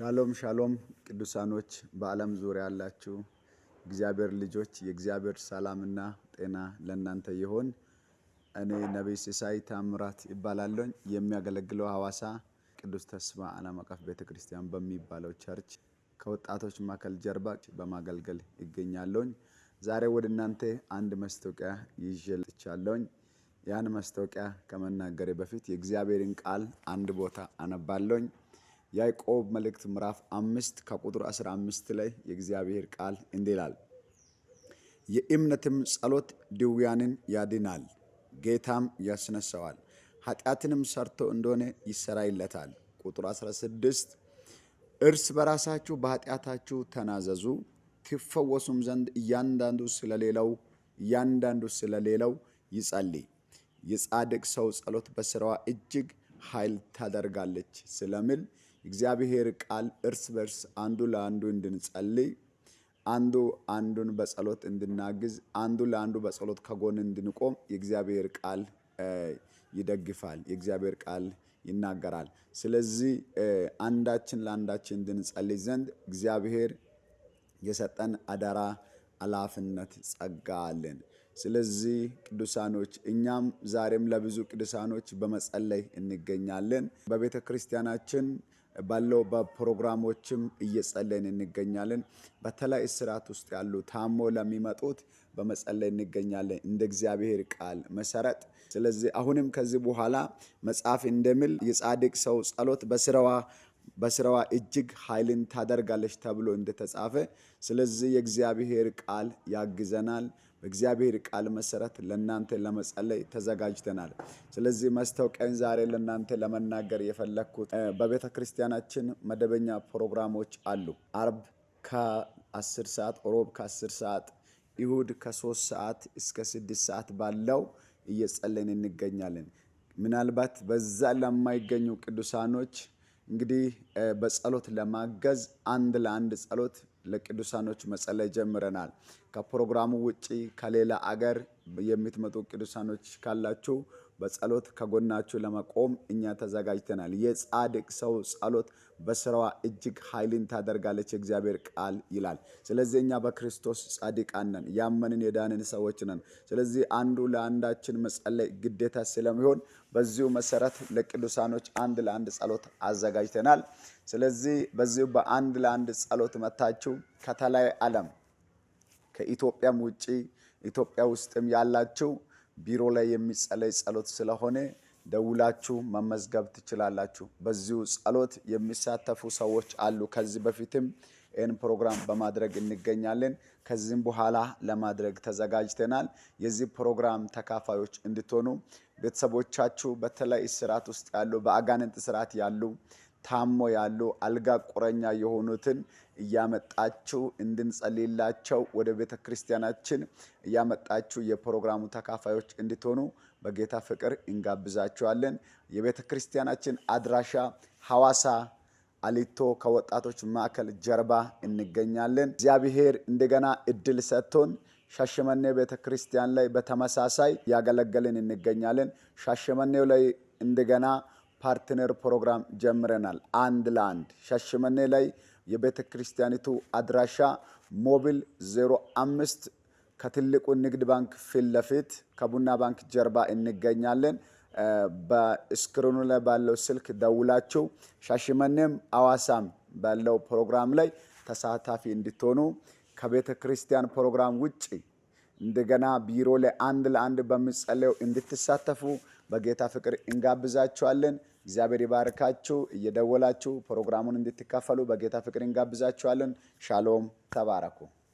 ሻሎም ሻሎም ቅዱሳኖች በዓለም ዙሪያ ያላችሁ እግዚአብሔር ልጆች የእግዚአብሔር ሰላምና ጤና ለእናንተ ይሆን። እኔ ነቢይ ሲሳይ ታምራት ይባላለሁ። የሚያገለግለው ሐዋሳ ቅዱስ ተስፋ ዓለም አቀፍ ቤተ ክርስቲያን በሚባለው ቸርች ከወጣቶች ማዕከል ጀርባ በማገልገል ይገኛለኝ። ዛሬ ወደ እናንተ አንድ ማስታወቂያ ይዤ ልጥቻለሁኝ። ያን ማስታወቂያ ከመናገሬ በፊት የእግዚአብሔርን ቃል አንድ ቦታ አነባለሁኝ። ያዕቆብ መልእክት ምዕራፍ አምስት ከቁጥር 15 ላይ የእግዚአብሔር ቃል እንዲህ ይላል፣ የእምነትም ጸሎት ድውያንን ያድናል፣ ጌታም ያስነሳዋል፣ ኃጢአትንም ሰርቶ እንደሆነ ይሰራይለታል። ቁጥር 16 እርስ በራሳችሁ በኃጢአታችሁ ተናዘዙ፣ ትፈወሱም ዘንድ እያንዳንዱ ስለሌላው እያንዳንዱ ስለሌለው ይጸልይ። የጻድቅ ሰው ጸሎት በስራዋ እጅግ ኃይል ታደርጋለች ስለሚል እግዚአብሔር ቃል እርስ በርስ አንዱ ለአንዱ እንድንጸልይ አንዱ አንዱን በጸሎት እንድናግዝ አንዱ ለአንዱ በጸሎት ከጎን እንድንቆም የእግዚአብሔር ቃል ይደግፋል። የእግዚአብሔር ቃል ይናገራል። ስለዚህ አንዳችን ለአንዳችን እንድንጸልይ ዘንድ እግዚአብሔር የሰጠን አደራ፣ አላፍነት ጸጋ አለን። ስለዚህ ቅዱሳኖች እኛም ዛሬም ለብዙ ቅዱሳኖች በመጸለይ እንገኛለን በቤተ ክርስቲያናችን ባለው በፕሮግራሞችም እየጸለይን እንገኛለን። በተለይ እስራት ውስጥ ያሉ ታሞ ለሚመጡት በመጸለይ እንገኛለን እንደ እግዚአብሔር ቃል መሰረት። ስለዚህ አሁንም ከዚህ በኋላ መጽሐፍ እንደሚል የጻድቅ ሰው ጸሎት በስራዋ በስራዋ እጅግ ኃይልን ታደርጋለች ተብሎ እንደተጻፈ፣ ስለዚህ የእግዚአብሔር ቃል ያግዘናል። በእግዚአብሔር ቃል መሰረት ለእናንተ ለመጸለይ ተዘጋጅተናል። ስለዚህ መስታወቂያን ዛሬ ለእናንተ ለመናገር የፈለግኩት በቤተ ክርስቲያናችን መደበኛ ፕሮግራሞች አሉ። አርብ ከ10 ሰዓት፣ ሮብ ከ10 ሰዓት፣ ይሁድ ከ3 ሰዓት እስከ 6 ሰዓት ባለው እየጸለይን እንገኛለን። ምናልባት በዛ ለማይገኙ ቅዱሳኖች እንግዲህ በጸሎት ለማገዝ አንድ ለአንድ ጸሎት ለቅዱሳኖች መጸለይ ጀምረናል። ከፕሮግራሙ ውጪ ከሌላ አገር የምትመጡ ቅዱሳኖች ካላችሁ በጸሎት ከጎናችሁ ለመቆም እኛ ተዘጋጅተናል። የጻድቅ ሰው ጸሎት በስራዋ እጅግ ኃይልን ታደርጋለች የእግዚአብሔር ቃል ይላል። ስለዚህ እኛ በክርስቶስ ጻድቃን ነን፣ ያመንን የዳንን ሰዎች ነን። ስለዚህ አንዱ ለአንዳችን መጸለይ ግዴታ ስለሚሆን በዚሁ መሰረት ለቅዱሳኖች አንድ ለአንድ ጸሎት አዘጋጅተናል። ስለዚህ በዚሁ በአንድ ለአንድ ጸሎት መታችሁ ከተለያየ ዓለም ከኢትዮጵያም ውጭ ኢትዮጵያ ውስጥም ያላችሁ ቢሮ ላይ የሚጸለይ ጸሎት ስለሆነ ደውላችሁ መመዝገብ ትችላላችሁ። በዚሁ ጸሎት የሚሳተፉ ሰዎች አሉ። ከዚህ በፊትም ይህን ፕሮግራም በማድረግ እንገኛለን። ከዚህም በኋላ ለማድረግ ተዘጋጅተናል። የዚህ ፕሮግራም ተካፋዮች እንድትሆኑ ቤተሰቦቻችሁ በተለይ ስርዓት ውስጥ ያሉ በአጋንንት ስርዓት ያሉ ታሞ ያሉ አልጋ ቁረኛ የሆኑትን እያመጣችሁ እንድንጸልላቸው ወደ ቤተ ክርስቲያናችን እያመጣችሁ የፕሮግራሙ ተካፋዮች እንድትሆኑ በጌታ ፍቅር እንጋብዛችኋለን። የቤተ ክርስቲያናችን አድራሻ ሐዋሳ አሊቶ ከወጣቶች ማዕከል ጀርባ እንገኛለን። እግዚአብሔር እንደገና እድል ሰጥቶን ሻሸመኔ ቤተ ክርስቲያን ላይ በተመሳሳይ እያገለገልን እንገኛለን። ሻሸመኔው ላይ እንደገና ፓርትነር ፕሮግራም ጀምረናል። አንድ ለአንድ ሻሸመኔ ላይ የቤተ ክርስቲያኒቱ አድራሻ ሞቢል 05 ከትልቁ ንግድ ባንክ ፊት ለፊት ከቡና ባንክ ጀርባ እንገኛለን። በስክሪኑ ላይ ባለው ስልክ ደውላችሁ ሻሽመኔም አዋሳም ባለው ፕሮግራም ላይ ተሳታፊ እንድትሆኑ ከቤተ ክርስቲያን ፕሮግራም ውጭ እንደገና ቢሮ ላይ አንድ ለአንድ በሚጸለየው እንድትሳተፉ በጌታ ፍቅር እንጋብዛችኋለን። እግዚአብሔር ይባርካችሁ። እየደወላችሁ ፕሮግራሙን እንድትካፈሉ በጌታ ፍቅር እንጋብዛችኋለን። ሻሎም፣ ተባረኩ።